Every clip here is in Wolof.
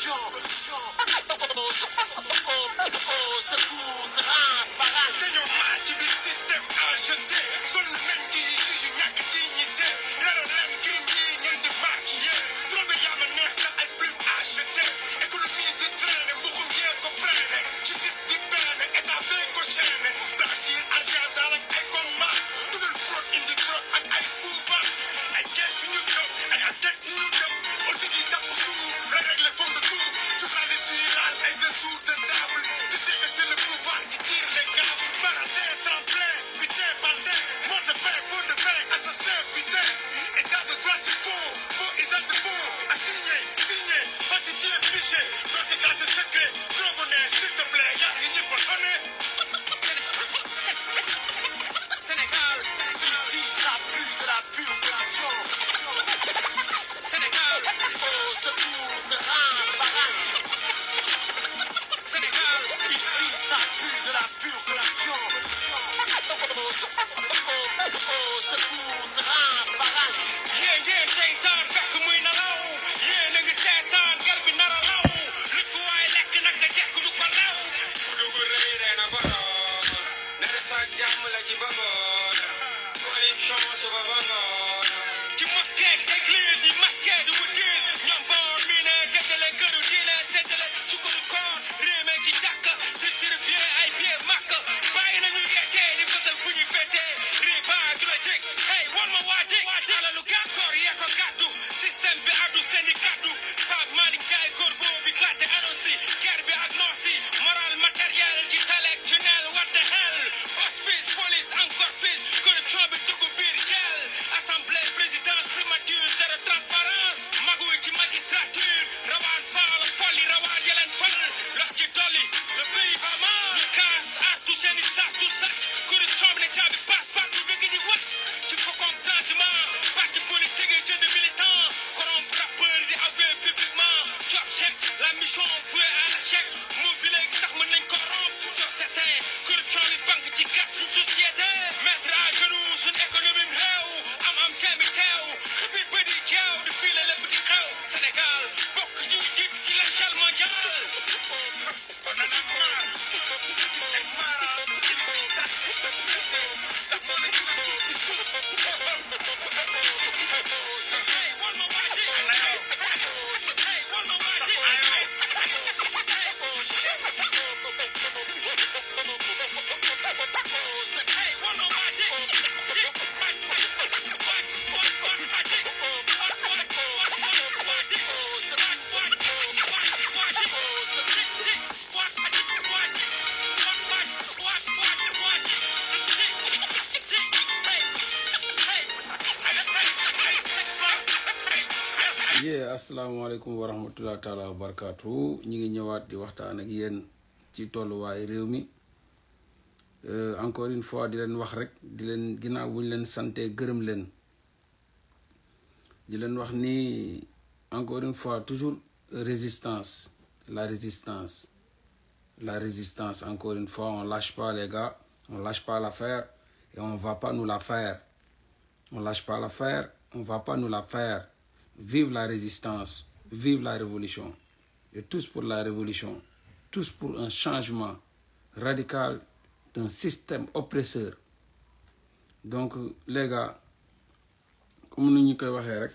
Sure, sure. Jack Hey, one more, asalaamaaleykum wa rahmatulah Taala wa barakatuh ñi ngi ñëwaat di waxtaan ak yéen ci réew mi euh, encore une fois di leen wax rek di leen ginnaaw bu leen sante gërëm leen di leen wax ni encore une fois toujours résistance la résistance la résistance encore une fois on lâche pas les gars on lâche pas l'affaire et on va pas nous la faire on lâche pas l'affaire on va pas nous la faire. Vive la résistance, vive la révolution. Et tous pour la révolution, tous pour un changement radical d'un système oppresseur. Donc, les gars, comme nous avons dit,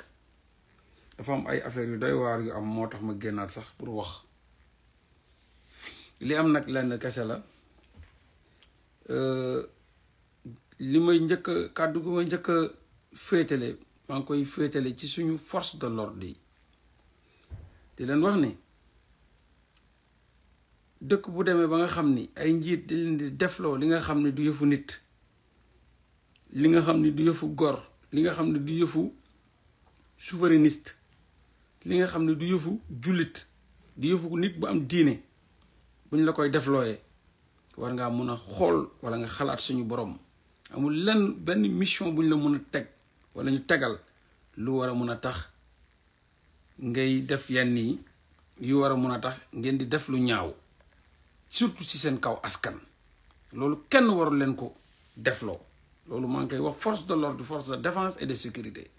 la femme ay affaire qui doy été yu am pour wax li am qui lenn kese la euh, li que je kàddu gu may que, maa ngi koy féetale ci suñu force de l'ordre yi di leen wax ni dëkk bu demee ba nga xam ni ay njiit di leen di defloo li nga xam ne du yëfu nit li nga xam ne du yëfu gor li nga xam ne du yëfu souverainiste li nga xam ne du yëfu jullit du yëfu nit bu am diine buñ la koy deflooyee war ngaa mun a xool wala nga xalaat suñu borom amul lenn benn mission buñ la mën a teg wala ñu tegal lu war a a tax ngay def surtout ci seen kaw askan loolu kenn warul leen ko force de l'ordre force de défense et de sécurité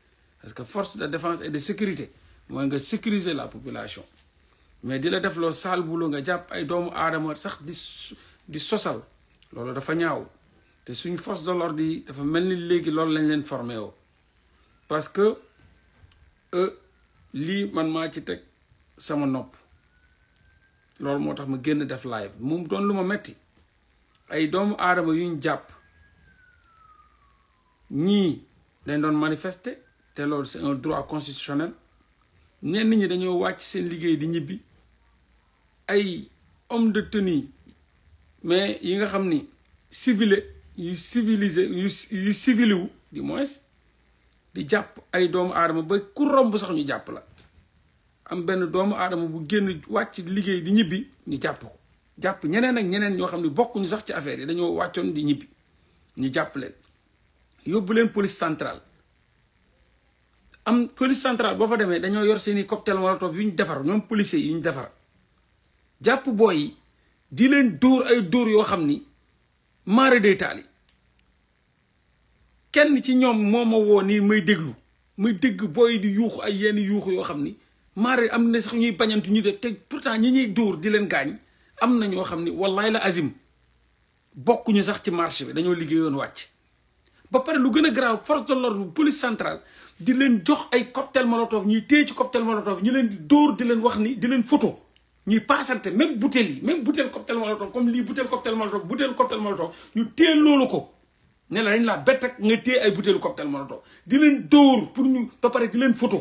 parce que force de défense et de sécurité mooy nga sécuriser la population mais di la defloo saal bulo nga ay doomu sax di di force de l'ordre dafa lañ leen parce que e, li man ma ci tek sama nopp motax ma def live je don luma metti ay doomu aadama yuñ japp ñii dañ manifester c'est un droit constitutionnel ñenn ñi dañoo wacc seen liggéey di ñibbi ay homme de tenue mais yi nga xamni civilé yu civilisé yu moins di jàpp ay doomu aadama ba ku romb sax ñu jàpp la am benn doomu aadama bu génn wàcc liggéey di ñibbi ñu jàpp ko jàpp ñeneen ak ñeneen ñoo xam ne bokkuñu sax ci affaire yi dañoo wàccoon di ñibbi ñu jàpp leen yóbbu leen police centrale am police centrale boo fa demee dañoo yor seeni cocktail molotov yu ñu defar ñoom policiers yi ñu defar jàpp booy yi di leen dóor ay dóor yoo xam ni maara day taal kenn ci ñoom moo ma woo nii may déglu may dégg booy di yuuxu ay yenn yuuxu yoo xam ni maare am na sax ñuy bañantu ñu def te pourtant ñi ñuy dóor di leen gaañ am na ñoo xam ni wallaay la azim bokkuñu sax ci marché bi dañoo yoon wàcc. ba pare lu gën a grave force de l'ordre police centrale di leen jox ay cocktail molotov ñuy téye ci cocktail molotov ñu leen di dóor di leen wax ni di leen photo ñuy paasante même bouteille yi même bouteille cocktail molotov comme lii bouteille cocktail molotov bouteille cocktail molotov ñu téye loolu ko. ne la dañ laa bett ak nga téye ay butéelu cocktail molotov di leen dóor pour ñu ba pare di leen photo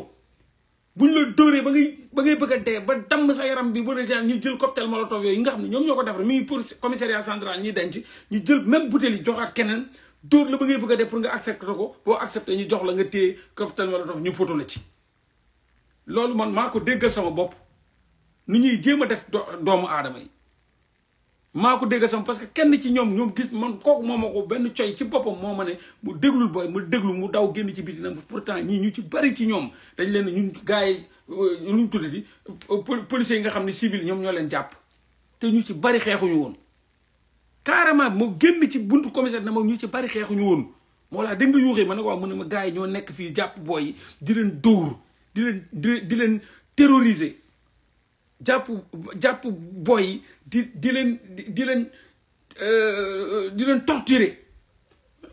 ñu la dóoree ba ngay ba ngay bëgg a dee ba damm sa yaram bi ba ne ñu jël cocktail molotov yooyu nga xam ne ñoom ñoo ko defar mi ngi pour commissariat central ñuy denc ñu jël même butéel yi joxaat keneen dóor la ba ngay bëgg a dee pour nga accepté ko boo accepté ñu jox la nga téye cocktail molotov ñu photo la ci. loolu man maa ko déggal sama bopp nu ñuy jéem a def doomu aadama yi maa ko dégg sama parce que kenn ci ñoom ñoom gis man kooku moo ma benn coy ci boppam moo ma ne mu déglul booy mu déglu mu daw génn ci biti nag pourtant ñii ñu ci bari ci ñoom dañ leen ñun gars yi lu euh, ñu tudd di euh, policiers yi nga xam ne civil ñoom ñoo leen jàpp te ñu ci bari xeexuñu woon carrément moo génn ci buntu commissaire ne moom ñu ci bari xeexuñu woon moo laa dégg nga yuuxee ma ne ko waaw mu ne ma gars yi ñoo nekk fii jàpp booy yi di leen dóor di leen di leen terroriser jàpp jàpp boy di di leen di leen euh, di leen torturer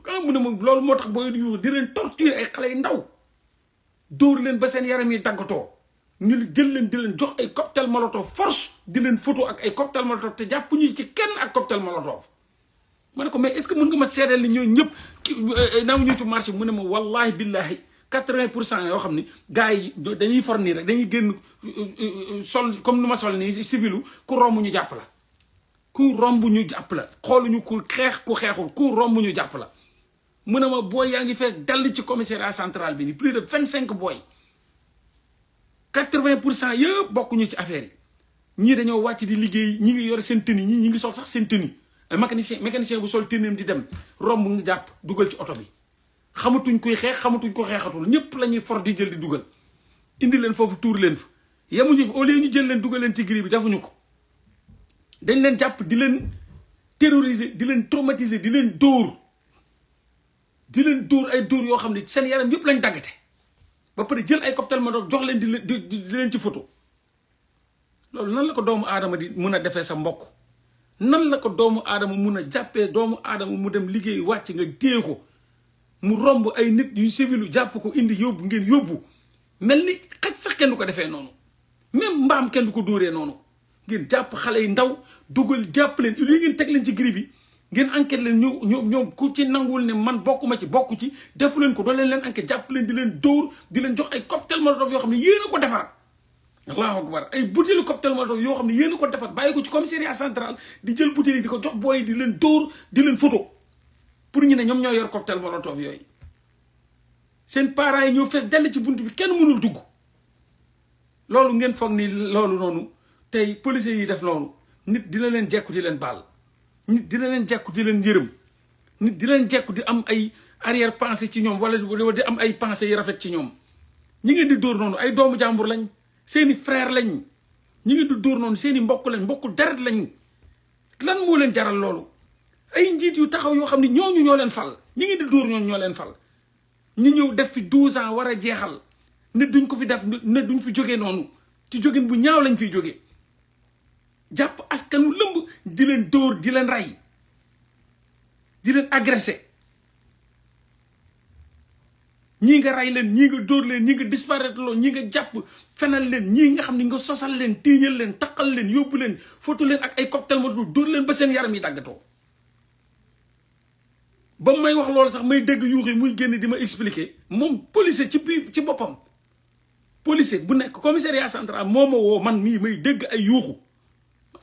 kanam mu ne moom loolu moo tax booy yu di leen torturer ay xale yu ndaw dóor leen ba seen yaram yi daggatoo ñu jël leen di leen jox ay cocktail molotov force di leen photo ak ay cocktail molotov te jàpp ñu ci kenn ak cocktail molotov ma ne ko mais est-ce que nga ma seedeel li ñooñu ñëpp ki euh, euh, nangu ñu ci marché mu ne ma wallahi billahi 80 pour cent yoo xam ni gars yi dañuy fornir rek dañuy génn sol comme nu sol nii civilu ku romb ñu jàpp la ku romb ñu jàpp la xooluñu ku xeex ku xeexul ku romb ñu jàpp la mu ne ma booy dal ci commissariat central bi ni plus de 25 boy, 80 pour cent yëpp bokkuñu ci affaire yi ñii dañoo wàcc di liggéey ñi ngi yore seen tenue ñi ngi sol sax seen tenue mécanicien mécanicien bu sol tenue di dem romb ñu jàpp dugal ci bi xamatuñ kuy xeex xamatuñ ko xeexatul ñëpp la ñuy for di jël di dugal indi leen foofu tuur leen fu yemuñu fi au lieu ñu jël leen dugal leen ci gri bi defuñu ko dañ leen jàpp di leen terroriser di leen traumatiser di leen dóor di leen dóor ay dóor yoo xam ne seen yaram yëpp lañ daggate ba pare jël ay cocktail molotov jox leen di leen di leen ci photo loolu nan la ko doomu aadama di mun a defee sa mbokk nan la ko doomu aadama mun a jàppee doomu aadama mu dem liggéey wàcc nga téye ko mu romb ay nit yu civilu jàpp ko indi yóbbu ngeen yóbbu mel ni xaj sax kenn du ko defee noonu même mbaam kenn du ko dóoree noonu ngeen jàpp xale yi ndaw dugal jàpp leen lii ngeen teg leen ci gri bi ngeen enquête leen ñoo ñoo ñoo ku ci nanguwul ne man bokkuma ci bokk ci defu leen ko doo leen leen enquête jàpp leen di leen dóor di leen jox ay cocktail molotov yoo xam ne yéen ko defar allahu akbar ay butéelu cocktail molotov yoo xam ne yéen ko defar bàyyi ko ci commissariat central di jël butéel yi di ko di leen dóor di leen photo pour ñu ne ñoom ñoo yor cocktail molotov yooyu seen parents yi ñoo fees dell ci bunt bi kenn mënul dugg loolu ngeen foog ni loolu noonu tey policiers yi def loolu nit dina leen jekku di leen baal nit dina leen jekku di leen yërëm nit di leen jekku di am ay arrière pensée ci ñoom wala di am ay pensées yu rafet ci ñoom ñi ngeen di dóor noonu ay doomu jàmbur lañ seeni frère lañ ñi ngeen di dóor noonu seeni mbokk lañ mbokku deret lañ lan moo leen jaral loolu ay njiit yu taxaw yoo xam ne ñooñu ñoo leen fal ñi ngi di dóor ñooñu ñoo fal ñu ñëw def fi 12 ans war a jeexal ne duñ ko fi def ne duñ fi jógee noonu ci jógin bu ñaaw lañ fiy jógee jàpp askanu lëmb di leen dóor di leen rey di leen agressé ñii nga rey leen ñii nga dóor leen ñii nga disparaître loo ñii nga jàpp fenal leen ñii nga xam ne nga sosal leen téeñal leen taqal leen yóbbu leen footu leen ak ay cocktail ma dóor leen ba seen yaram yi tàggatoo ba may wax loolu sax may dégg yuux yi muy génn di ma expliquer moom policier ci biir ci boppam policier bu nekk commissariat central moo ma woo man mii may dégg ay yuuxu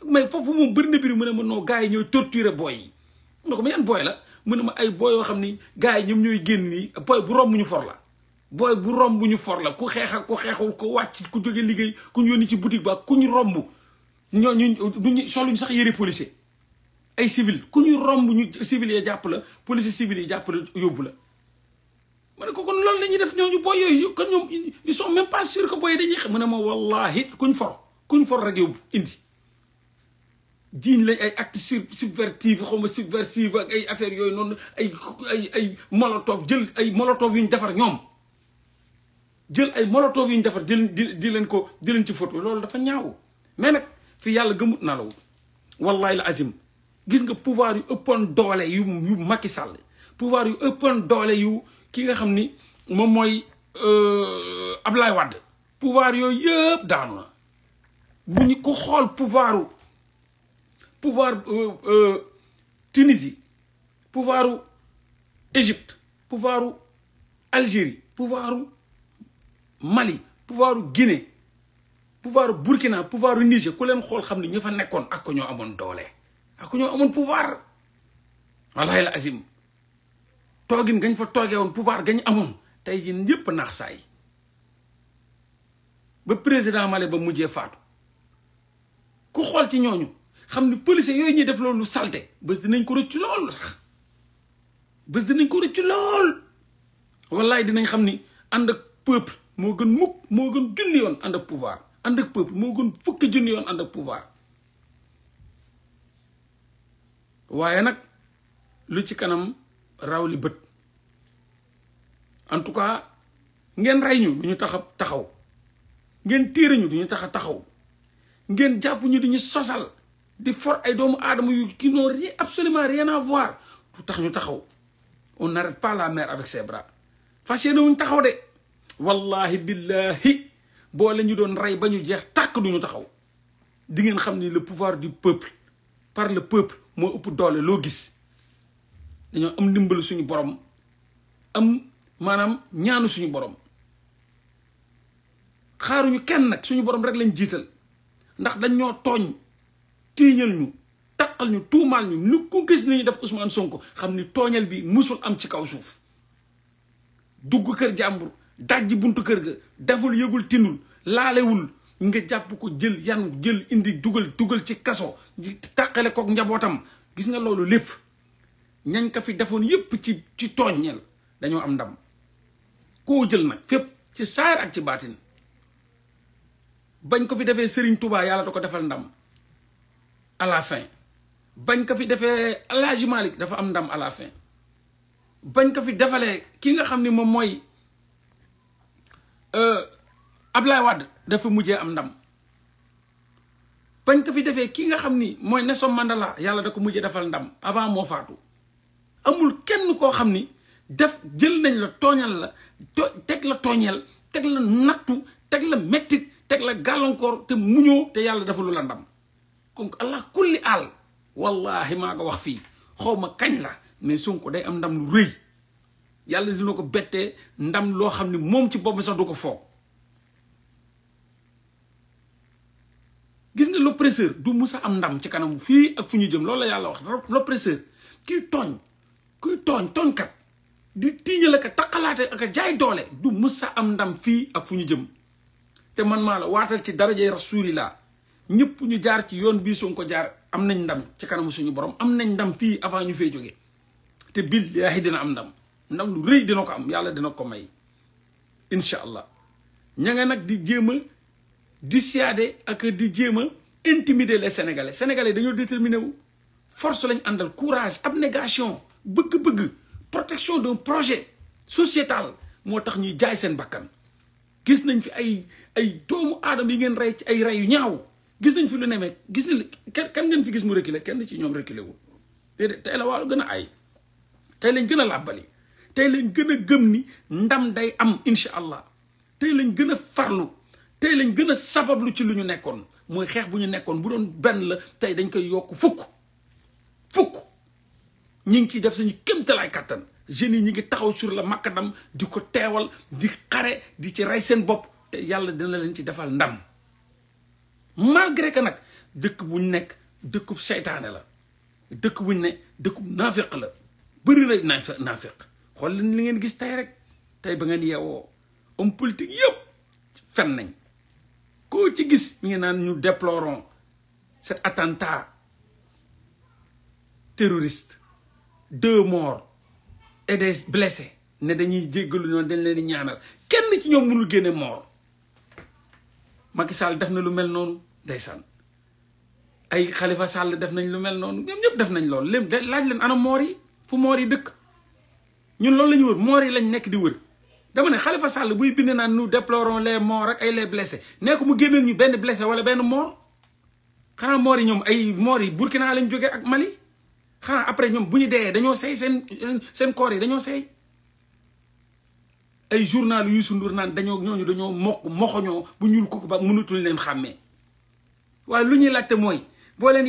mais foofu moom bëri na biir mu ne noo non gars yi ñooy torturer booy yi na ko ma yan ma ay booy yoo xam ni gars yi ñoom ñooy génn nii booy bu romb ñu for la booy bu romb ñu for la ku xeex ak ku xeexul ku wàcc ku jógee liggéey ku ñu yónni ci boutique ba ku ñu romb ñooñu duñu soluñ sax yëre policier ay civil ku ñu romb ñu civil ya jàpp la police civil yi jàpp la yóbbu la ma ne ko kon loolu la ñuy def ñooñu booy yooyu kon ñoom ils sont même pas sûrs que booy dañuy xam mu ne ma wallaahi kuñ for kuñ for rek yóbbu indi jiiñ lañ ay acte subvertive xaw ma subversive ak ay affaire yooyu noonu ay ay ay molotov jël ay molotov yu ñu defar ñoom jël ay molotov yu ñu defar di di di leen ko di leen ci photo loolu dafa ñaaw mais nag fi yàlla gëmut na la wallahi la azim gis nga pouvoir yu ëppoon doole yu yu Macky Sall pouvoir yu ëppoon doole yu ki nga xam ni moom mooy euh, Ablaye Wade pouvoir yooyu yëpp daanu na bu ñu ko xool pouvoiru pouvoir euh, euh, Tunisie pouvoiru Égypte pouvoiru Algérie pouvoiru Mali pouvoiru Guinée pouvoiru Burkina pouvoiru Niger ku leen xool xam ni ñu fa nekkoon ak ko ñoo amoon doole ak ñoo amoon pouvoir wallahi la azim toogin gañ fa toogee woon pouvoir gañ amoon tey jii ñëpp naax saay ba président male ba mujjee faatu ku xool ci ñooñu xam ni policiers yooyu ñuy def loolu salte bés dinañ ko rëcc lool sax bés dinañ ko rëcc lool wallaay dinañ xam ni ànd ak peuple moo gën mukk moo gën junni yoon ànd ak pouvoir ànd ak peuple moo gën fukki junni yoon ànd ak pouvoir waaye nag lu ci kanam raw li bët en tout cas ngeen rey ñu du ñu tax taxaw ngeen téere ñu du taxaw ngeen jàpp ñu sosal di for ay doomu aadama yu ki n'ont rien absolument rien à voir du tax ñu taxaw on n'arrête pas la mer avec ses bras fas yéene taxaw de wallahi billahi boo la ñu doon rey ba ñu jeex tàkk du ñu taxaw di ngeen xam le pouvoir du peuple par le peuple moo ëpp doole loo gis dañoo am ndimbalu suñu borom am maanaam ñaanu suñu borom xaaruñu kenn nag suñu borom rek lañ jiital ndax dañ ñoo tooñ tiiñal ñu taqal ñu tuumaal ñu nu ku gis ni ñu def Ousmane Sonko xam ni tooñal bi musul am ci kaw suuf dugg kër jàmbur dajji buntu kër gi deful yëgul tinul laalewul nga jàpp ko jël yan jël indi dugal dugal ci kaso di tàqale kook njabootam gis nga loolu lépp ñañ ka fi defoon yépp ci ci tooññeel dañoo am ndam koo jël nag fépp ci saar ak ci baatin bañ ko fi defee Serigne Touba yàlla da ko defal ndam à fin bañ ko fi defee El Hadj dafa am ndam à fin bañ ko fi defalee ki nga xam ni moom mooy euh, Ablaye wad, dafa mujjé am ndam bañ ko fi défé ki nga xamni ni mooy mandala yalla da ko mujjé dafal ndam avant mo fatou amul kenn ko xamni ni def jël nañ la toñal la tek la tooñeel tek la natou tek la metti tek la te muñoo te dafa lu la ndam kon allah kulli al, wallahi ma ko wax fi xawma kagn la mais sunko day am ndam lu reuy yalla dina ko bettee ndam lo xamni ni ci bobu sax du ko fokk gis nga l'oppresseur du musa am ndam ci kanamu fii ak fu ñu jëm loolu la yàlla wax l'oppresseur kuy tooñ kuy tooñ tooñkat di tiiñal ak a taqalaate ak a jaay doole du musa am ndam fii ak fu ñu jëm te man maa la waatal ci darajay rasulillah ñëpp ñu jaar ci yoon bii suñ ko jaar am nañ ndam ci kanamu suñu borom am nañ ndam fii avant ñu fee jóge te billaahi dina am ndam ndam lu rëy dina ko am yàlla dina ko may incha allah ña nag di jéem di siyaade ak di djema intimider les sénégalais sénégalais dañu déterminer force lañ andal courage abnégation bëgg-bëgg protection d'un projet sociétal motax tax ñuy jaay seen bakkan gis nañ fi ay ay doomu adam yi ngeen ray ci ay rey yu ñaaw gis nañ fi lu nemee gis na kan ngeen fi gis mu reculer kenn ci ñom reculer wu déedéet tey la walu gëna ay tay lañ gëna labali tay tey lañ gën gëm ni ndam day am inshallah tay tey lañ gën farlu tey lañ gën a sabablu ci lu ñu nekkoon mooy xeex bu ñu nekkoon bu doon benn la tey dañ koy yokk fukk fukk ñi ngi ciy def suñu kéemtalaay kàttan jeunes yi ñi ngi taxaw sur la makadam di ko teewal di xare di ci rey seen bopp te yàlla dina leen ci defal ndam malgré que nag dëkk bu nekk dëkkub seytaane la dëkk bu ñu ne dëkkub naafeq la bari na naafeq naafeq xool leen li ngeen gis tey rek tey ba ngeen yeewoo homme politique yëpp fen nañ koo ci gis mi ngi naan ñu déplorons cet attentat terroriste deux morts et des blessés ne dañuy jéggalu ñoom dañ leen di ñaanal kenn ci ñoom mënul génne mort Macky Sall def na lu mel noonu ndeysaan ay Khalifa sàll def nañ lu mel noonu ñoom ñëpp def nañ loolu léegi laaj leen ana moor yi fu moor yi dëkk ñun loolu la ñu wër moor yi lañ nekk di wër. dama ne Khalifa Sall buy nous déplorons les morts et les blessés Nous mu des ñu blessé wala morts mort mort yi mort Burkina ak Mali après ñom buñu déé dañoo sey sen sen corps yi dañoo sey ay journal Ndour dañoo ñooñu dañoo leen des témoins. moy bo leen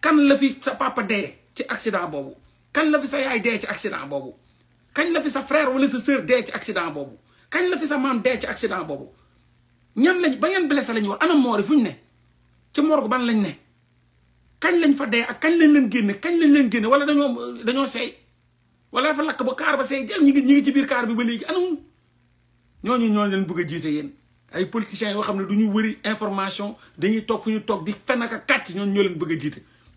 kan la fi sa papa dee ci accident boobu kan la fi sa yaay dee ci boobu kañ la fi sa frère wala sa sœur dee ci accident boobu kañ la fi sa maam dee ci accident boobu ñan lañ ba ngeen blessé la ñu wax anam moori fu ñu ne ci morgue ban lañ ne kañ lañ fa dee ak kañ lañ leen génne kañ lañ leen génne wala dañoo dañoo seey wala fa lakk ba kaar ba seey jël ñi ñu ñi ngi ci biir kaar bi ba léegi anam ñooñu ñoo leen bëgg a jiite yéen ay politiciens yoo xam ne du ñu wëri information dañuy toog fu ñu toog di fen ak a kàcc ñu ñoo leen bëgg a jiite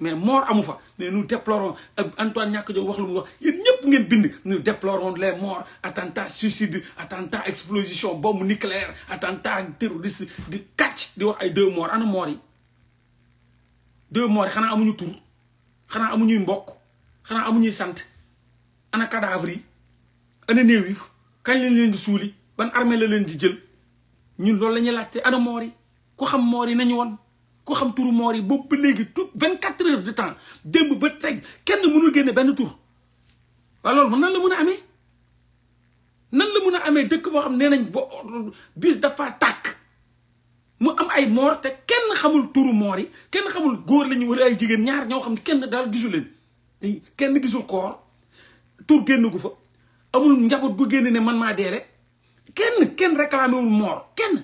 mais mort amu fa mais nous déplorons euh, Antoine ñàkk jom wax lu mu wax yéen ñëpp ngeen bind nous déplorons les morts attentat suicide attentat explosion bombe nucléaire attentat terroriste di kàcc di wax ay deux morts ana morts yi deux morts yi xanaa amuñu tur xanaa amuñuy mbokk xanaa amuñuy sant ana cadavre yi ana néew yi kañ lañ leen di suuli ban armée la leen di jël ñun loolu la ñuy laajte ana moor yi ku xam moor yi nañu woon ku xam turu moor yi boobu ba tout vingt heures de temps démb ba teg kenn mënul génne benn tur waaw loolu man nan la mën a nan la mën a dëkk boo xam nee bis dafa tàkk mu am ay moor te kenn xamul turu moor yi kenn xamul góor la ñu ay jigéen ñaar ñoo xam kenn daal gisu leen kenn gisul koor tur génn fa amul njaboot gu génn ne man maa deere kenn kenn réclamé wul moor kenn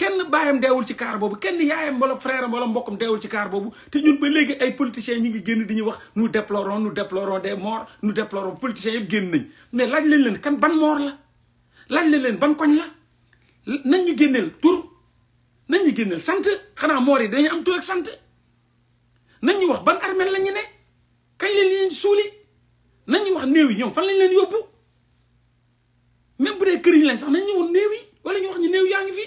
kenn baayam deewul ci kaar boobu kenn yaayam wala frère am wala mbokkam deewul ci kaar boobu te ñun ba léegi ay politiciens ñi ngi génn di ñu wax nous déplorons nous déplorons des morts nous déplorons politiciens yëpp génn nañ mais laaj leen leen kan ban moor la laaj leen ban koñ la nañ ñu génneel tur nañ ñu génneel sant xanaa moor yi dañu am tur sant nañ ñu wax ban armeel la ñu ne kañ leen leen suuli nañ ñu wax néew yi ñoom fan lañ leen yóbbu même bu dee këriñ lañ sax nañ ñu woon néew yi wala ñu wax ñi néew yaa ngi fi.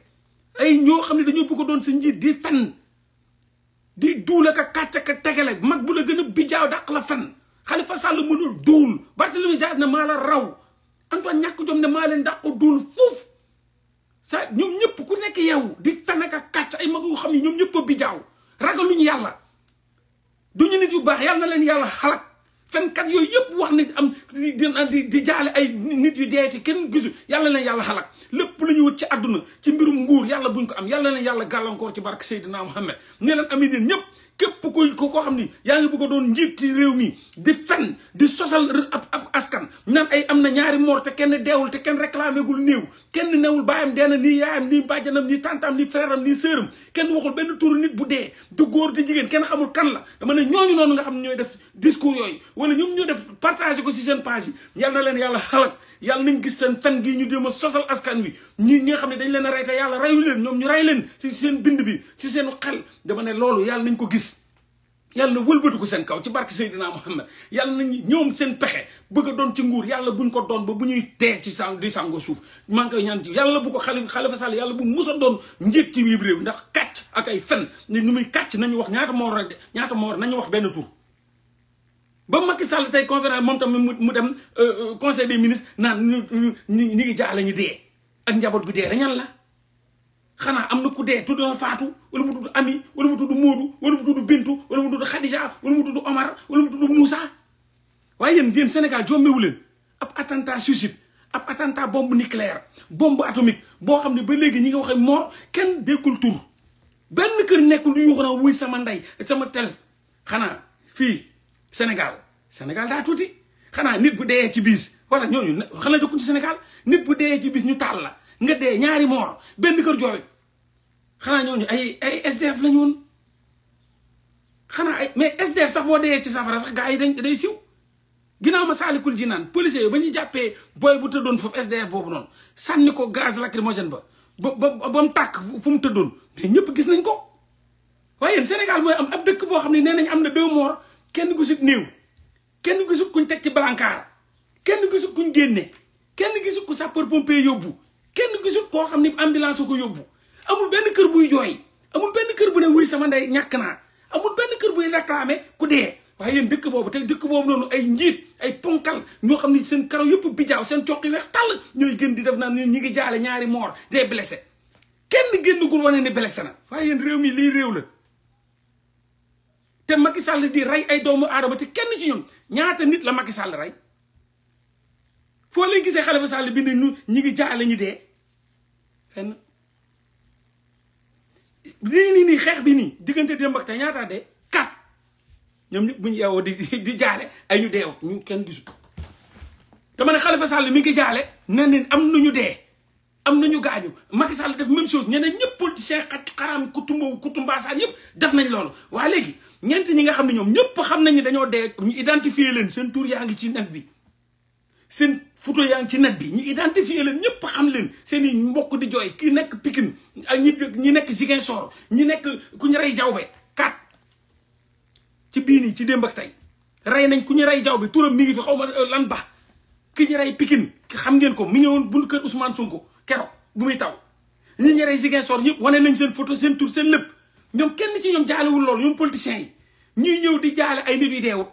ay ñoo xam ne dañoo bëgg doon sa njiit di fen di duul ak a kàcc ak a tegale mag bu la gën a bijaaw dàq la fen Khalifa Sall mënul duul Barthélémy Dias ne maa la raw Antoine ñàkk jom ne maa leen dàq duul fuuf sa ñoom ñëpp ku nekk yow di fen ak a kàcc ay mag yu xam yi ñoom ñëpp a bijaaw ragaluñu yàlla ñu nit yu baax yàlla na leen yàlla xalak fenkat yooyu yëpp wax na am di di jaale ay nit yu deeti kenn gisu yàlla na yàlla xalak lépp lu ñu wut ci àdduna ci mbirum nguur yàlla buñ ko am yàlla na yàlla gàllankoor ci barke Seydina Muhammad ne leen am ñëpp képp kuy ko koo xam ni yaa ngi bugg doon njiit ci réew mi di fen di sosal ab ab askan naan ay am na ñaari moor te kenn deewul te kenn réclamé gul néew kenn newul baayam dee na nii yaayam nii bàjjanam nii tantam nii frère am nii kenn waxul benn turu nit bu dee du góor di jigéen kenn xamul kan la dama ne ñooñu noonu nga xam ne ñooy def discours yooyu wala ñoom ñoo def partagé ko si seen page yi yal na leen yàlla xalak yàlla nañ gis seen fen gii ñu dem sosal askan wi ñi ñi nga xam ne dañ leen a rey te yàlla reyu leen ñoom ñu rey leen si seen bind bi si seen xel dama ne loolu yàlla nañ ko gis yàlla wëlbatiku seen kaw ci barke Seydina Muhammad yàlla nañu ñoom seen pexe bëgg a doon ci nguur yàlla buñ ko doon ba bu ñuy tee ci sang di sàngo suuf maa ngi koy ñaan ci yàlla bu ko xalif xalifa Sall yàlla bu mu a doon njiit ci biir réew ndax kàcc ak ay fen ni nu muy kàcc nañu wax ñaata moo war ñaata moo war nañu wax benn tur ba Macky sàll tey conférence moom tamit mu dem euh, euh, conseil des ministre naan ñu ñu ngi jaale ñu dee ak njaboot bi dee dañan la xanaa am na ku dee tudd Faatu wala mu tudd Ami wala mu tudd Moodu wala mu tudd Bintu wala mu tudd Khadija wala mu tudd Omar wala mu tudd Moussa waaye yéen yéen Sénégal jommewu leen ab attentat suicide ab attentat bombe nucléaire bombe atomique boo xam ne ba léegi ñi nga waxe mort kenn déggul tur benn kër nekkul du yuuxu naa wuy sama ndey sama tel xanaa fii Sénégal Sénégal daa tuuti xanaa nit bu dee ci biis wala ñooñu xanaa jokkuñ ci Sénégal nit bu dee ci biis ñu taal la nga dee ñaari moor benn kër jooy xanaa ñooñu ay ay SDF lañu woon xanaa ay mais SDF sax boo dee ci safara sax gaa yi dañ day siw ginnaaw ma saalikul ji naan policiers yi ba ñu jàppee booy bu tëddoon foofu SDF boobu noonu sànni ko gaz lacrymogène ba ba ba mu tàkk fu mu tëddoon mais ñëpp gis nañ ko. waaye yéen Sénégal mooy am ab dëkk boo xam ne nee nañ am na deux morts kenn gisut néew kenn gisut kuñ teg ci balaŋkaar kenn gisut kuñ génne kenn gisut ku sapeur pompier yóbbu kenn gisut koo xam ne ambulance ko yóbbu. amul benn kër buy jooy amul benn kër bu ne wuy sama ndey ñàkk naa amul benn kër buy réclamer ku dee waaye yéen dëkk boobu te dëkk boobu noonu ay njiit ay ponkal ñoo xam ni seen karaw yëpp bijaaw seen coq yi weex tàll ñooy gën di def naan ñi ngi jaale ñaari moor des blessés kenn génnagul wane ne blessé na waaye réew mi lii réew la te Macky Sall di ay doomu aadama te kenn ci ñoom ñaata nit la Macky Sall rey foo leen gisee Khalifa Sall bi ne ñu ñi ngi jaale ñu dee lii nii nii xeex bi nii diggante démb ak tey ñaata de quatre ñoom ñëpp bu ñu yeewoo di di jaale ay ñu deew ñu kenn gisul dama ne Khalifa sàll mi ngi jaale na leen am ñu dee am na nañu gaañu Macky Sall def même chose ñeneen ñëpp politiciens xaj xaraam ku tumbaw ku tumbaasaan yëpp def nañ loolu waa léegi ñeent ñi nga xam ne ñoom ñëpp xam nañ ne dañoo dee ñu identifier leen seen tur yaa ngi ci net bi seen photo yaa ngi ci net bi ñu identifier leen ñëpp xam leen seen i mbokk di jooy ki nekk Pikine ak ñi ñi nekk Ziguinchor ñi nekk ku ñu rey jawbe kat ci bii nii ci démb ak tey rey nañ ku ñu rey jawbe turam mi ngi fi xaw ma euh, lan ba ki ñu rey Pikine xam ngeen ko mi ñëwoon buñu kër Ousmane Sonko keroog bu muy taw ñi ñu rey Ziguinchor ñëpp wane nañ seen photo seen tur seen lëpp ñoom kenn ci ñoom jaalewul lool ñoom politiciens yi ñuy ñëw di jaale ay nit yu deewut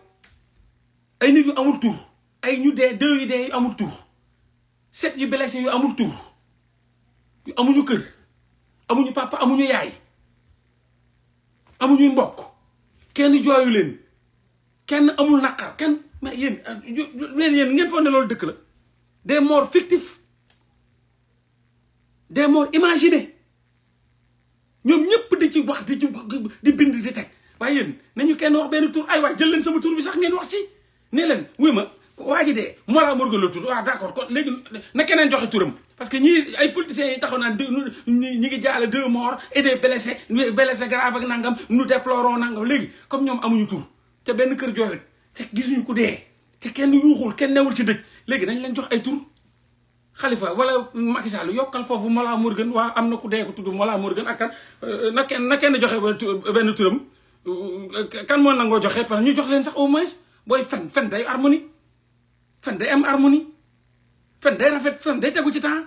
ay nit yu amul tur ay ñu dee deux yu dee yu amul tur sept yu blessé yu amul tur yu amuñu kër amuñu papa amuñu yaay amuñu mbokk kenn jooyu leen kenn amul naqar kenn mais yéen yéen yéen ngeen foog ne loolu dëkk la des moor fictifs des moor imaginés ñoom ñëpp di ci wax di ci di bind di teg waaye yéen nañu kenn wax benn tur ay waay jël leen sama tur bi sax ngeen wax ci ne leen wuy waji de mo Morgun la tudd waaw wa d'accord kon legui na kenen joxe turum parce que ñi ay politiciens yi taxona naan ñi ngi jala deux morts et des blessés blessés grave ak nangam nous déplorons nangam legui comme ñom amuñu tour te ben kër jooyut te gisuñu ku dé te kenn yuuxul kenn newul ci dëj legui dañ leen jox ay tour Khalifa wala Macky Sall yokal fofu Mollah morgan wa amna ku dé ko tuddu Mollah morgan ak kan euh, na kenn na kenn joxe ben turam euh, kan mo nango joxe par ñu jox leen sax au moins boy fen fen day harmonie fen day am harmonie fen day rafet fen day tegu ci temps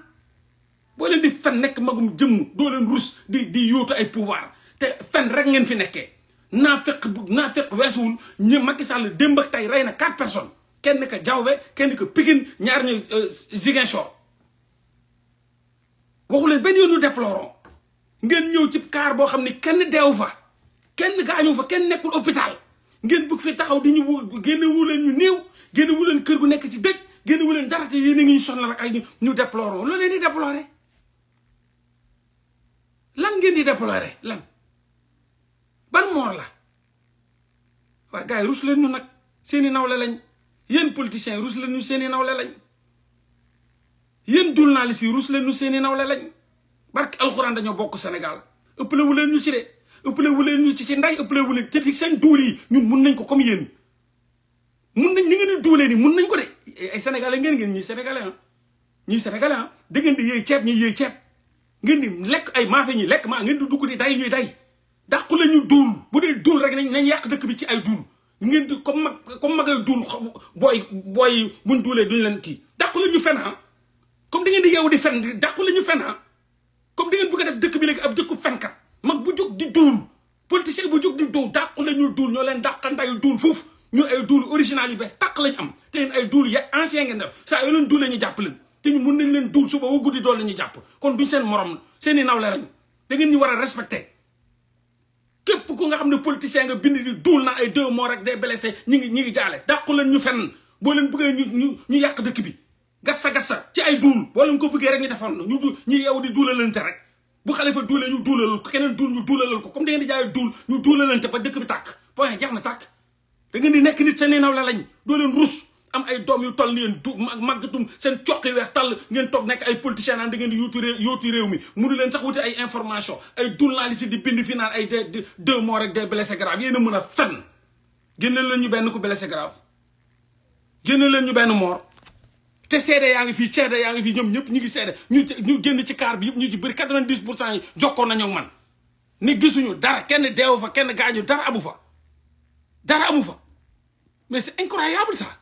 boo leen di fen nekk magum jëmm doo leen rus di di yóotu ay pouvoir te fen rek ngeen fi nekkee naa fekk bu naa fekk weesuwul ñu Macky Sall démb ak tey rey na quatre personnes kenn ka jawbe kenn ka Pikine ñaar ñu euh, Ziguinchor waxuleen leen benn yoonu déplorons ngeen ñëw ci kaar boo xam ni kenn deewu fa kenn gaañu fa kenn nekkul hôpital ngeen bëgg fi taxaw di ñu génne wu leen ñu néew génne wu leen kër gu nekk ci dëj génn wu leen dara te yéen a ngi ñu soxla nag ay ñu déploré loo leen ni déploré lan ngeen di déploré lan ban moor la waaye gars yi rus leen nag seeni nawle lañ yéen politiciens yi rus leen ñu seeni nawle lañ yéen journalistes yi rus leen ñu seeni nawle lañ barke alxuraan dañoo bokk senegal ëpp wu leen ñu ci de. ëppale wu leen ñu ci ci nday ëppale wu leen te seen duul yi ñun mun nañ ko comme yéen mun nañ ni ngeen di duulee nii mun nañ ko de ay sénégalais ngeen ngeen ñuy sénégalais ah ñuy sénégalais ah da ngeen di yëy ceeb ñuy yëy ceeb ngeen di lekk ay maafe ñi lekk maa ngeen di dugg di day ñuy day dàqu la ñu duul bu dee duul rek nañ nañ yàq dëkk bi ci ay duul ngeen di comme mag comme magay duul booy booy buñ duulee duñ leen kii dàqu la ñu fen ah comme da ngeen di yeewu di fen dàqu la ñu fen ah comme da ngeen bëgg def dëkk bi léegi ab dëkku fenkat mag bu juk di dul politicien bu juk di dul dak la ñu duul ñoo leen dàqantaayu duul foofu ñun ay dul original yu bes tak lañ am te ay dul ya ancien ngeen sa saa yoo dul ten japp leen te ñu mën nañ leen dul suba wu guddi dool lañu japp kon duñ seen morom seen nawle lañ ngeen ñu wara respecter ku nga nga bind di dul na ay deux mois rek day blessé ñi ngi ñi ngi jaale dàqu leen ñu fenn bo leen ñu ñu dëkk bi gatsa gatsa ci ay dul bo leen ko bëggee rek ñu defal ñu ñi yow di duulalante rek bu xalifa duulee ñu duulalal ko keneen duul ñu duulalal ko comme da ngeen di jaay duul ñu duulalante ba dëkk bi tàkk point jeex na tàkk da di nekk nit seen neenaw la lañ doo leen rus am ay doom yu toll ni yéen du tum seen coq yi weex tàll ngeen toog nekk ay politiciens naan da ngeen di yóotu réew yóotu réew mi mënu leen sax wuti ay information ay journaliste di bind fi naan ay des deux morts rek des blessés graves yéen a mën a fenn génne ñu benn ku blessé grave génne leen ñu benn mort té sédé yaa ngi fii ceede yaa ngi fii ñoom ñëpp ñu ngi sédé ñu ñu génn ci car bi ñu ci bari 90 pour nañu ak man ni gisunu dara kenn deewu fa kenn gañu dara amu fa dara amu fa mais c'est incroyable ça non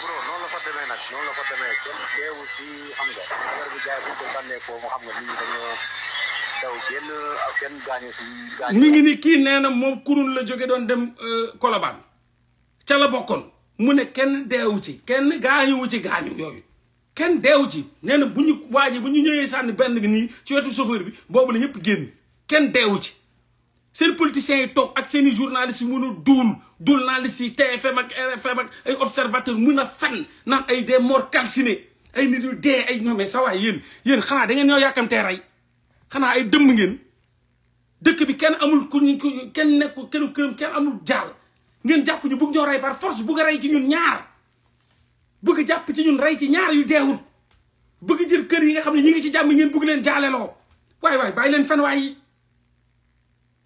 bro noonu la fa demee nag non la fa demee kenn deewu nga affaire bi jaay bu ko tànnee foofu xam nga nit ñi daw si gaañu mi ngi ni kii nee na moom kurun la jóge doon dem euh, Colobane ca la bokkoon mu ne kenn deewu ci kenn gaañuwu ci gaañu yooyu kenn deewu ci nee na bu ñu waa ji bu ñu ñëwee sànni benn bi nii ci wetu chauffeur bi boobu la ñëpp génn kenn deewu ci seen politiciens yi toog ak seeni i journalistes yi mun a duul journalistes yi TFM ak RFM ak ay observateur mu na fen naan ay des morts calcinés ay nit yu dee ay ñoomee sa waay yéen yéen xanaa da ngeen ñoo yàkkamtee rey kana ay dem ngeen dekk bi kenn amul ku kenn nekk kenn kenn amul jaal ngeen japp ñu bëgg ñoo ray par force bëgg a rey ci ñun ñaar bëgg japp ci ñun ray ci ñaar yu deewul bëgg jël kër yi nga xamni ñi ngi ci jamm ngeen bëgg leen lo way way bay leen fen way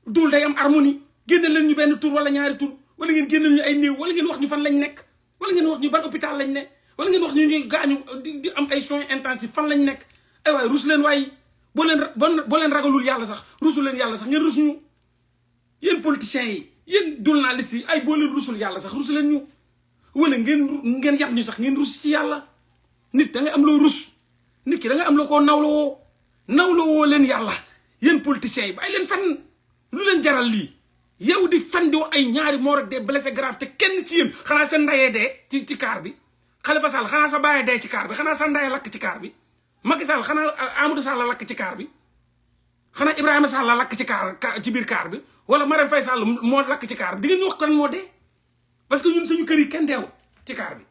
dul day am harmonie génne leen ñu benn tur wala ñaari tur wala ngeen génne ñu ay neew wala ngeen wax ñu fan lañ nekk wala ngeen wax ñu ban hôpital lañ ne wala ngeen wax ñu di am ay soins intensifs fan lañ nekk ay way rus leen boo leen boo leen ragalul yàlla sax rusul leen yàlla sax ngeen rus ñu yéen politiciens yi yéen journalistes yi ay boo leen rusul yàlla sax rusu leen ñu wala ngeen ngeen yàq ñu sax ngeen rus ci yàlla nit da nga am loo rus nit ki da am loo ko nawloo nawloo woo leen yàlla yéen politiciens yi bàyyi leen fan lu leen jaral lii yow di fen di wax ay ñaari mort des blessés graves te kenn ci yéen xanaa sa ndayee dee ci ci kaar bi fa Sall xanaa sa bàyyee dee ci kaar bi xanaa sa ndayee lakk ci kaar bi Macky Sall xanaa euh, a Sall la lakk ci kaar bi xanaa Ibrahima Sall la lakk ci kaar ci biir kaar bi wala Marème Faye Sall moo lakk ci kaar bi di wax kan moo dee parce que suñu kër yi kenn ci kaar bi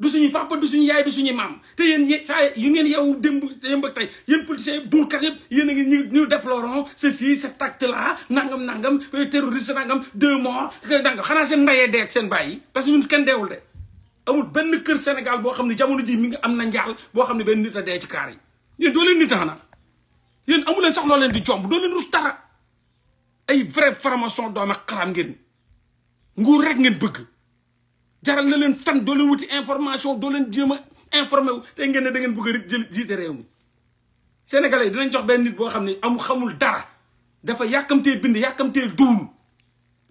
du suñuy papa du suñu yaay du suñu maam te yéen saa yu ngeen yow démb démb ak tey yéen politiciens duulkat yëpp yéen a ngi ñu ñu déplorons ceci cet acte là nangam nangam euh, terroriste nangam deux morts nangam xanaa seen ndayee dee ak seen bàyyi parce que ñun kenn deewul de amul benn kër Sénégal boo xam ne jamono ji mi ngi am na njaal boo xam ne benn nit a dee ci kaar yi yéen doo leen nit a xanaa yéen amu leen sax loo leen di jomb doo leen rus dara ay vrai formation doom ak xaraam ngeen nguur rek ngeen bëgg jaral na leen fan doo leen wuti information doo leen jéem a informé ngeen ne da ngeen bëgg jël jiite réew mi sénégalais yi dinañ jox benn nit boo xam ne amul xamul dara dafa yàkkamtee bind yàkkamtee duul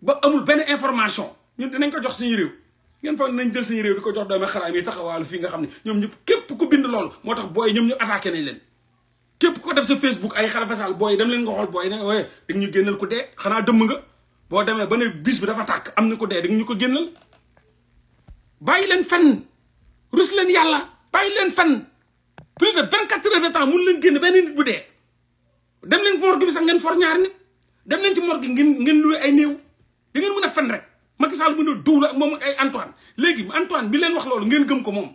ba amul benn information ñun dinañ ko jox suñu réew ngeen fa nañ jël seen réew bi ko jox doomi xaram yi taxawal fi nga xamni ñom ñoom ñëpp képp ku bind lool motax boy ñom ñu attaquer nañ leen képp ko def sa facebook ay Khalifa fasal boy dem leen nga xol boy ne way dañ ñu gënal ku dé xana dëmm nga bo démé ba né bis bi dafa tak am na ko dé dañ ñu ko gënal bayi leen fenn rus leen yalla bayi leen fenn plus de 24 heures de temps mun leen génn benn nit bu dé dem leen morgue bi sax ngeen for ñaar nit dem leen ci morgue ngeen ngeen luwe ay néew da ngeen mëna a rek Macky Sall mën a duul ak moom ay Antoine léegi Antoine bi leen wax loolu ngeen gëm ko moom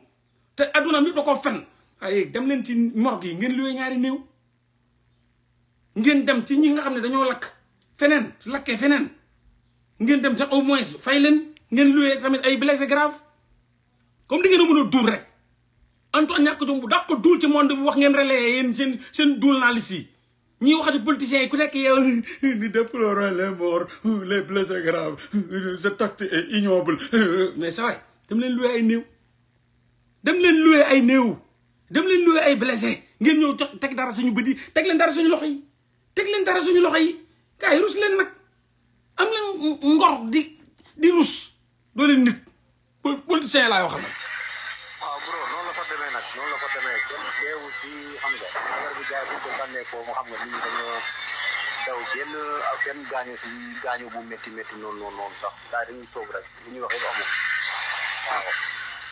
te adduna mi da koo fen ay dem leen ci morgue yi ngeen luwee ñaari néew ngeen dem ci ñi nga xam ne dañoo lakk feneen lakkee feneen ngeen dem sax au moins fay leen ngeen luwee tamit ay blessé grave comme di ngeen a mën a duul rek Antoine ñàkk jom bu dàq ko duul ci monde bi wax ngeen relayé yéen seen seen duul naa lisi ñuy waxati politiciens yi ku nekk yow nous déplorons les morts les blessés graves cet acte est ignoble mais sa waay dem leen loué ay néew dem leen loué ay néew dem leen loué ay blessé ngeen ñëw teg dara suñu bët yi teg leen dara suñu loxo yi teg leen dara suñu loxo yi kaay rus leen nag am leen ngor di di rus doo leen nit politiciens laay waxal gars yi buñ ko nekkoo mu xam nga nit ñi dañoo daw génn ak seen gaañu si gaañu bu métti métti noonu noonu noonu sax gars yi dañuy sóob rek li ñuy wax yëpp waaw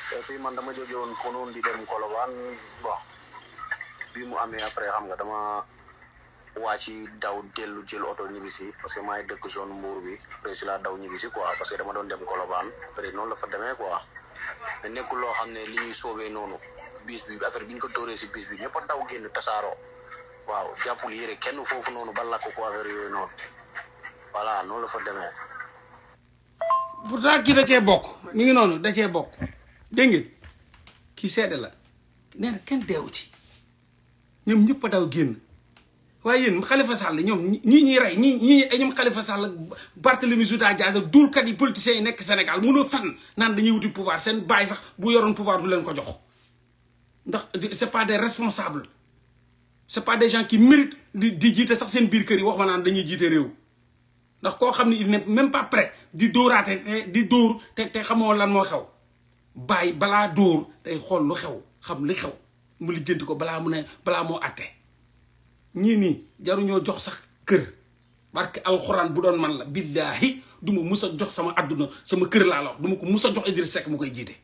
te fii man dama jóge woon konoon di dem kolobaan bon bi mu amee après xam nga dama wàcc daw dellu jël oto ñibisi parce que maay dëkk zone mbuur bi après si laa daw ñibisi quoi parce que dama doon dem kolobaan après noonu la fa demee quoi mais nekkul loo li ñuy soobee noonu bis bi affaire bi ko dóoree si bis bi ñëpp a daw génn tasaaroo waaw jàppul yére kenn foofu noonu bala ko ko affaire yooyu noonu voilà noonu la fa demee. pourtant kii da cee bokk mi ngi noonu da cee bokk dégg ngeen kii seede la nee na kenn deewu ci ñoom ñëpp a daw génn waaye yéen Khalifa Sall ñoom ñii ñuy rey ñii ñii ñoom Khalifa Sall Barthélemy Zouta Dias ak duulkat yi politiciens yi nekk Sénégal mënoo fenn naan dañuy wuti pouvoir seen bàyyi sax bu yoroon pouvoir du leen ko jox ndax c'est pas des responsables. c'est pas des gens qui méritent di di jiite sax seen biir kër yi wax ma naan dañuy jiite réew ndax koo xam il n'est même pas prêt di dóoraate di dóor te te xamoo lan moo xew bàyyi balaa dóor day xool lu xew xam li xew mu lijjanti ko mu ne balaa moo atte ñii ni jaruñoo jox sax kër barke alxuraan bu doon man la billaahi du ma jox sama àdduna sama kër laa la wax du ma ko mus a jox Idriss Seck mu koy jiite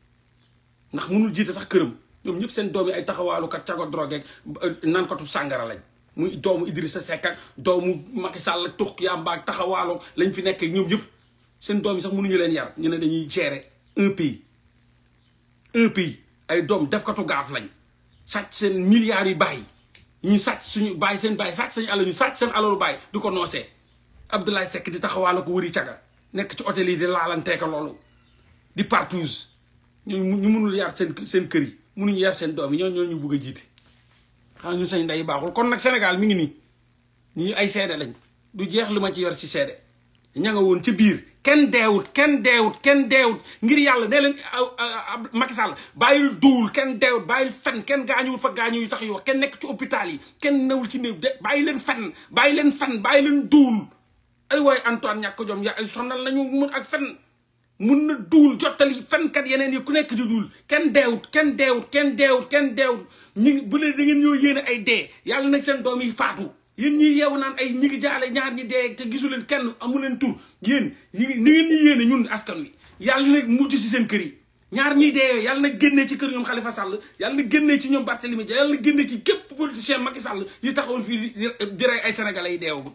ndax mënul jiite sax këram ñoom ñëpp seen doom yi ay taxawaalukat cago drogue ak euh, nankatu sàngara lañ muy doomu Idrissa sa ak doomu Macky sàll ak tux yàmba ak taxawaaloo lañ fi nekk ñoom ñëpp seen doom yi sax mënuñu leen yar ñu ne dañuy gérer un pays un pays ay doom defkatu gaaf lañ sàcc seen milliards yu bàyyi ñu sàcc suñu bàyyi seen bàyyi sàcc seen alal ñu sàcc seen alalu bàyyi di ko noosee Abdoulaye Seck di taxawaaloo ko wëri caga nekk ci hôtel yi di laalanteeka loolu di partouze ñu ñu mënul yar seen seen kër yi mënuñu yar seen doom yi ñoo ñoo ñu bugg a jiit xam ñu sañ ndey baaxul kon nag Sénégal mi ngi nii ñu ay seede lañ du jeex lu ma ci yor si seede ña nga woon ci biir kenn deewut kenn deewut kenn deewut ngir yàlla ne leen Macky Sall bàyyil duwul kenn deewut bàyyil fen kenn gaañuwul fa gaañu yu tax yu wax kenn nekk ci hôpital yi kenn newul ci néew de bàyyi leen fen bàyyi leen fen bàyyi leen duwul ay waay Antoine ñàkk jom ya ay sonal nañu mun ak fen mun na duul jottali fenkat yeneen yi ku nekk di duul kenn deewut kenn deewut kenn deewut kenn deewut ñi bu leen da ngeen ñoo yéene ay dee yàlla nag seen doom yi faatu yéen ñi yeewu naan ay ñi ngi jaale ñaar ñi dee te gisu leen kenn amu leen tur yéen ñi ni ngeen ñu yéene ñun askan wi yàlla nag mucc si seen kër yi ñaar ñiy dee yàlla na génnee ci kër ñoom Khalifa Sall yàlla na génnee ci ñoom Barthélemy Dias yàlla na génnee ci képp politicien Macky Sall yi taxawul fii di rey ay sénégalais yi deewagul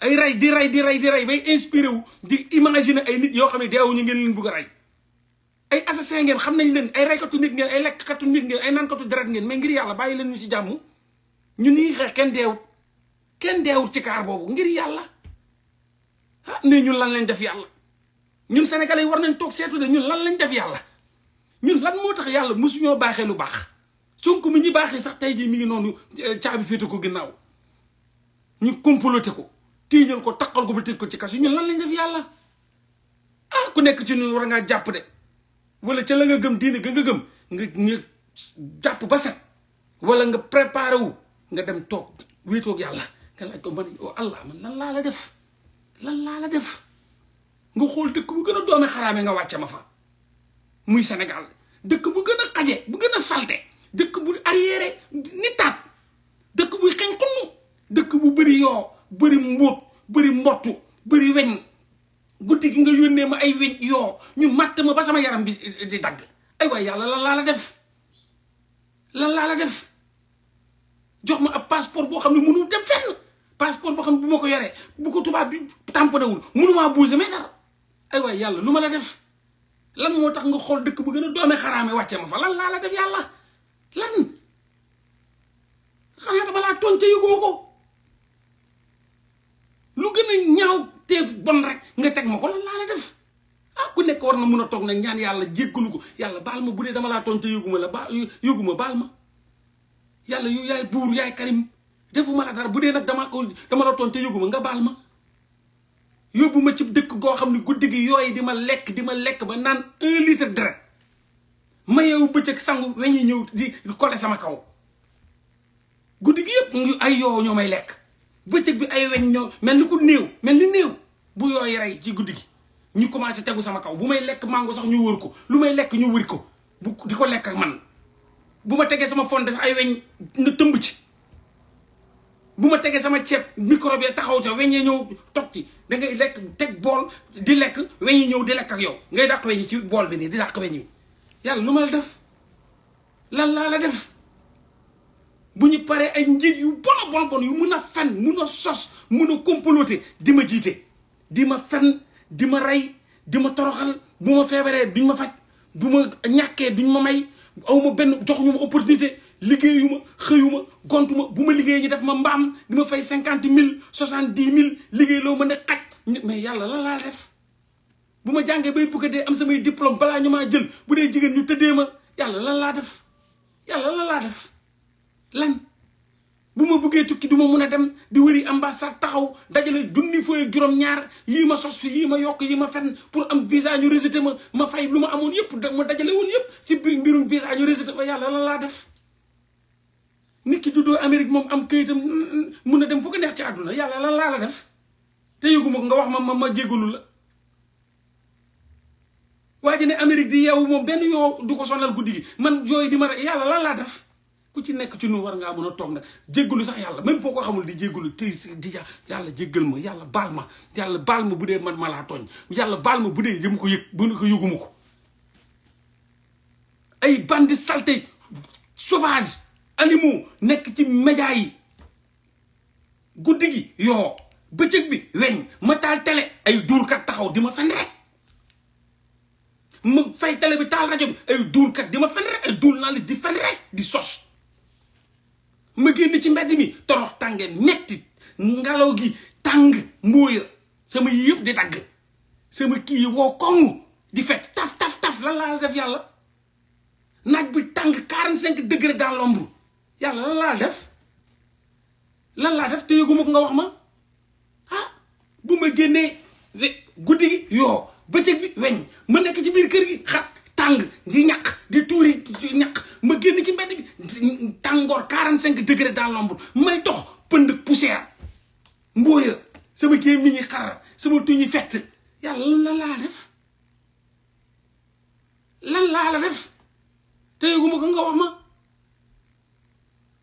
ay rey di rey di rey di rey bay inspiré wu di imaginer ay nit yoo xam ne deewuñu ngeen leen bugg a rey ay assassin ngeen xam nañ leen ay reykatu nit ngeen ay lekkatu nit ngeen ay naankatu deret ngeen mais ngir yàlla bàyyi leen ñu ci jàmm ñu nii xeex kenn deewut kenn deewut ci kaar boobu ngir yàlla ah ne ñun lan lañ def yàlla ñun sénégalais yi war nañ toog seetu de ñun lan lañ def yàlla ñun lan moo tax yàlla mosuñoo baaxee lu baax Sonko mi ñu baaxee sax tey jii mi ngi noonu eh, caabi féete ko ginnaaw ñu comploté ko tiiñal ko taqal ko bu tëj ko ci kaso ñun lan lañ def yàlla ah ku nekk ci ñun war ngaa jàpp de wala ca la nga gëm diine ga nga gëm nga nga jàpp ba set wala nga préparé wu nga dem toog wéetoog yàlla nga laaj ko man oh, allah man laa la def lan laa la def nga xool dëkk bu gën a doome xaraame nga wàcce ma fa muy senegal dëkk bu gën a xaje bu gën a salte dëkk bu arriéré ni dëkk bu xeñ xunnu dëkk bu bëri yoo bëri mbóot bëri mbottu bëri weñ guddi gi nga yónnee ma ay weñ yoo ñu màtt ma ba sama yaram bi di dagg ay waay yàlla lan laa la def lan laa la def jox ma ab passeport boo xam ne mënul dem fenn passeport boo xam ne bu ma ko yoree bu ko tubaab bi tamponné wul mënumaa bouger mais yàlla lu ma la def lan moo tax nga xool dëkk bu gën a doome xaraame wàcce ma fa lan laa la def yàlla lan xanaa dama laa tooñ te yëgoo ko lu gën a ñaaw teef bon rek nga teg ma ko laa la def ah ku nekk war na mun a toog nag ñaan yàlla jéggalu ko yàlla baal ma bu dee dama laa tooñ te yëguma la ba yëguma baal ma yàlla yu yaay buur yaay karim defuma la dara bu dee nag damaa ko dama la tooñ te nga baal ma yóbbu ma ci dëkk goo xam ni guddi gi yooyu di ma lekk di ma lekk ba naan un litre deret mayewu bëccëg sangu weñi ñëw di kole sama kaw guddi gi yëpp ay yoo ñoo may lekk bëccëg bi ay weñ ñoo mel ni ko néew mel ni néew bu yooyu rey ci guddi gi ñu commencé tegu sama kaw bu may lekk mango sax ñu wër ko lu may lekk ñu wër ko bu di ko lekk ak man bu ma tegee sama fonde sax ay weñ na tëmb ci bu ma tegee sama ceeb microbe taxaw ca weñ yi ñëw toog ci da ngay lekk teg bool di lekk weñ yi ñëw di lekk ak yow ngay dàq weñ ci bool bi nii di dàq weñ yi yàlla lu ma la def lan laa la def bu ñu paree ay njiit yu bon bon bon yu mun a fen mun a sos mun a comploter di ma jiite di ma fen di ma rey di ma toroxal bu ma feebaree duñ ma faj bu ma ñàkkee duñ ma may aw benn jox ñu ma opportunité liggéeyu ma xëyu ma bu ma liggéey ñu def ma mbaam di fay cinquante mille soixante dix mille liggéey loo ma ne xaj mais yàlla lan laa def bu ma jàngee bay bugg dee am samay diplôme balaa ñu maa jël bu dee jigéen ñu tëddee ma yàlla lan laa def yàlla lan laa def lan bu ma buggee tukki du ma mun a dem di wëri ambassade taxaw dajale junni fooy juróom-ñaar yii ma sos fi yii ma yokk yii ma fenn pour am visa ñu rejeté ma ma fay lu ma amoon yëpp ma dajale yëpp ci biir mbirum visa ñu rejeté ma yàlla lan laa def. nit ki juddoo Amérique moom am këyitam mm, mm, mun a dem fu ko neex ci àdduna yàlla lan laa def te yëguma nga wax ma ma ma jégalu la. waa ji ne Amérique di yow moom benn yoo du ko sonal guddi man yooyu di ma yàlla lan laa def. ku ci nekk ci nu war ngaa mën a toog nag jéggalu sax yàlla même boo ko xamul di jéggalu te di yàlla jéggal ma yàlla baal ma yàlla baal ma bu dee man ma laa tooñ yàlla baal ma bu dee yëm ko yëg bu ko yëguma ko ay bandi salté sauvage animaux nekk ci média yi guddi gi yoo bëccëg bi weñ ma taal télé ay duurkat taxaw di ma fen rek ma fay télé bi taal rajo bi ay duurkat di ma fen rek ay duur naa di fen rek di sos ma génn ci mbedd mi torox tànge metti ngelaw gi tàng mbóoya sama yii yëpp di dagg sama kii yi woo koŋŋu di fekk taf taf taf lan laa def yàlla naaj bi tàng quarante cinq degré dans l'ombre yàlla lan laa def lan laa def te yëguma ko nga wax ma ah bu ma génnee guddi gi yoo bëccëg bi weñ ma nekk ci biir kër gi xat tàng di ñaq di tuuri ñaq encore quarante cinq degré dans l'ombre may dox pënd poussière mbooya sama gémmiñ yi xar sama tuñ yi fett yàlla la laa def lan laa la def te yëguma ko nga wax ma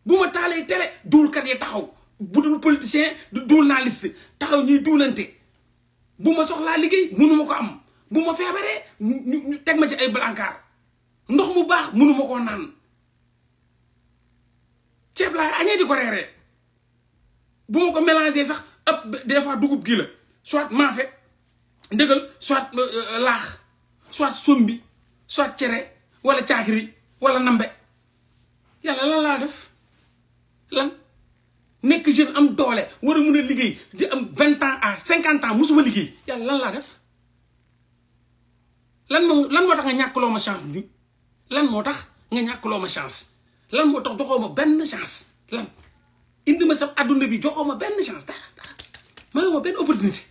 bu ma taalee télé duulkat yi taxaw bu dul politicien du duul naa liste taxaw ñuy duulante bu ma soxlaa liggéey mënuma ko am bu ma feebaree ñu teg ma ci ay blancar ndox mu baax mënuma koo naan ceeb laay añee di ko reeree bu ma ko mélangé sax ab des fois dugub gi la soit maafe ndëgal soit euh, euh, laax soit sombi soit cere wala caakiri wala nambe yàlla lan laa def lan nekk jeune am doole war a mun a liggéey di am vingt ans à cinquante ans musuma liggéey yàlla lan laa def lan moo lan moo tax nga ñàkk loo ma chance ni lan moo tax nga ñàkk loo ma chance lan moo tax joxoo benn chance lan indi ma sa àdduna bi joxoo ma benn chance dara dara benn opportunité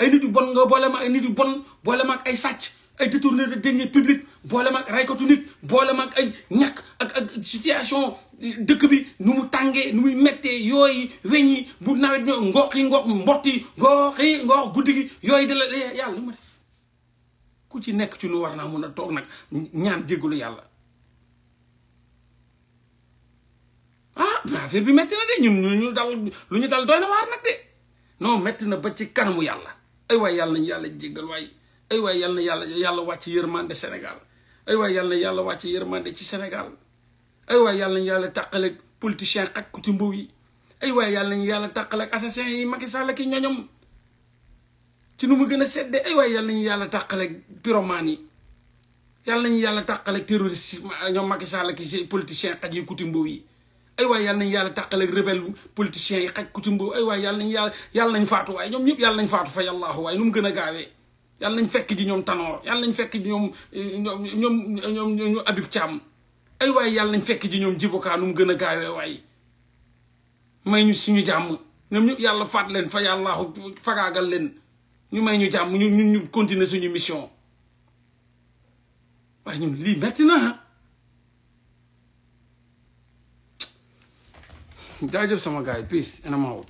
ay nit yu bon nga boole ma ay nit bon boole ma ak ay sàcc ay détourner de deniers publics boole ma ak raykatu nit boole ma ak ay ñàkk ak ak situation dëkk bi nu mu tàngee nu muy méttee yooyu weñ bu nawet bi ngoox yi ngoox mbott yi ngoox yi guddi gi yooyu dala yàlla lu ma def ku ci nekk ci lu war naa mun a toog nag ñaan jéggalu yàlla ah affaire bi métti na de ñu dal lu ñu dal doy na waar nag de non métti na ba ci kanamu yàlla ay waay yàlla nañu yàlla jéggal waay ay waay yàlla na yàlla yàlla wàcc yërmande Sénégal ay waay yàlla na yàlla wàcc yërmande ci Sénégal ay waay yàlla yàlla tàqaleeg politiciens xaj ku ci mbow yi ay waay yàlla yàlla tàqaleeg assassin yi Macky Sall ki ñoñom ci nu mu gën a sedde ay waay yàlla nañu yàlla tàqaleeg yi yàlla nañu yàlla tàqaleeg terroriste ñoom Macky Sall ki politiciens xaj yi mbow yi ay waay yàlla nañu yàlla tàqal ak rebelle politiciens yi xaj ku ci mbu ay waay yàlla nañu yàlla yàlla nañ faatu waaye ñoom ñëpp yàlla a gaawee yàlla nañ fekk ji ñoom Tanor yàlla nañ fekk ji ñoom ñoom ñoom ñoom Habib Thiam ay waay yàlla nañ fekk ji ñoom Djiboka nu mu gën a gaawee waaye may ñu suñu jàmm ñoom ñëpp yàlla faat leen fa yàllaahu fagaagal leen ñu may ñu jàmm ñu ñu continuer suñu mission waaye ñun lii metti na ah. Die of Summer Guy. Peace, and I'm out.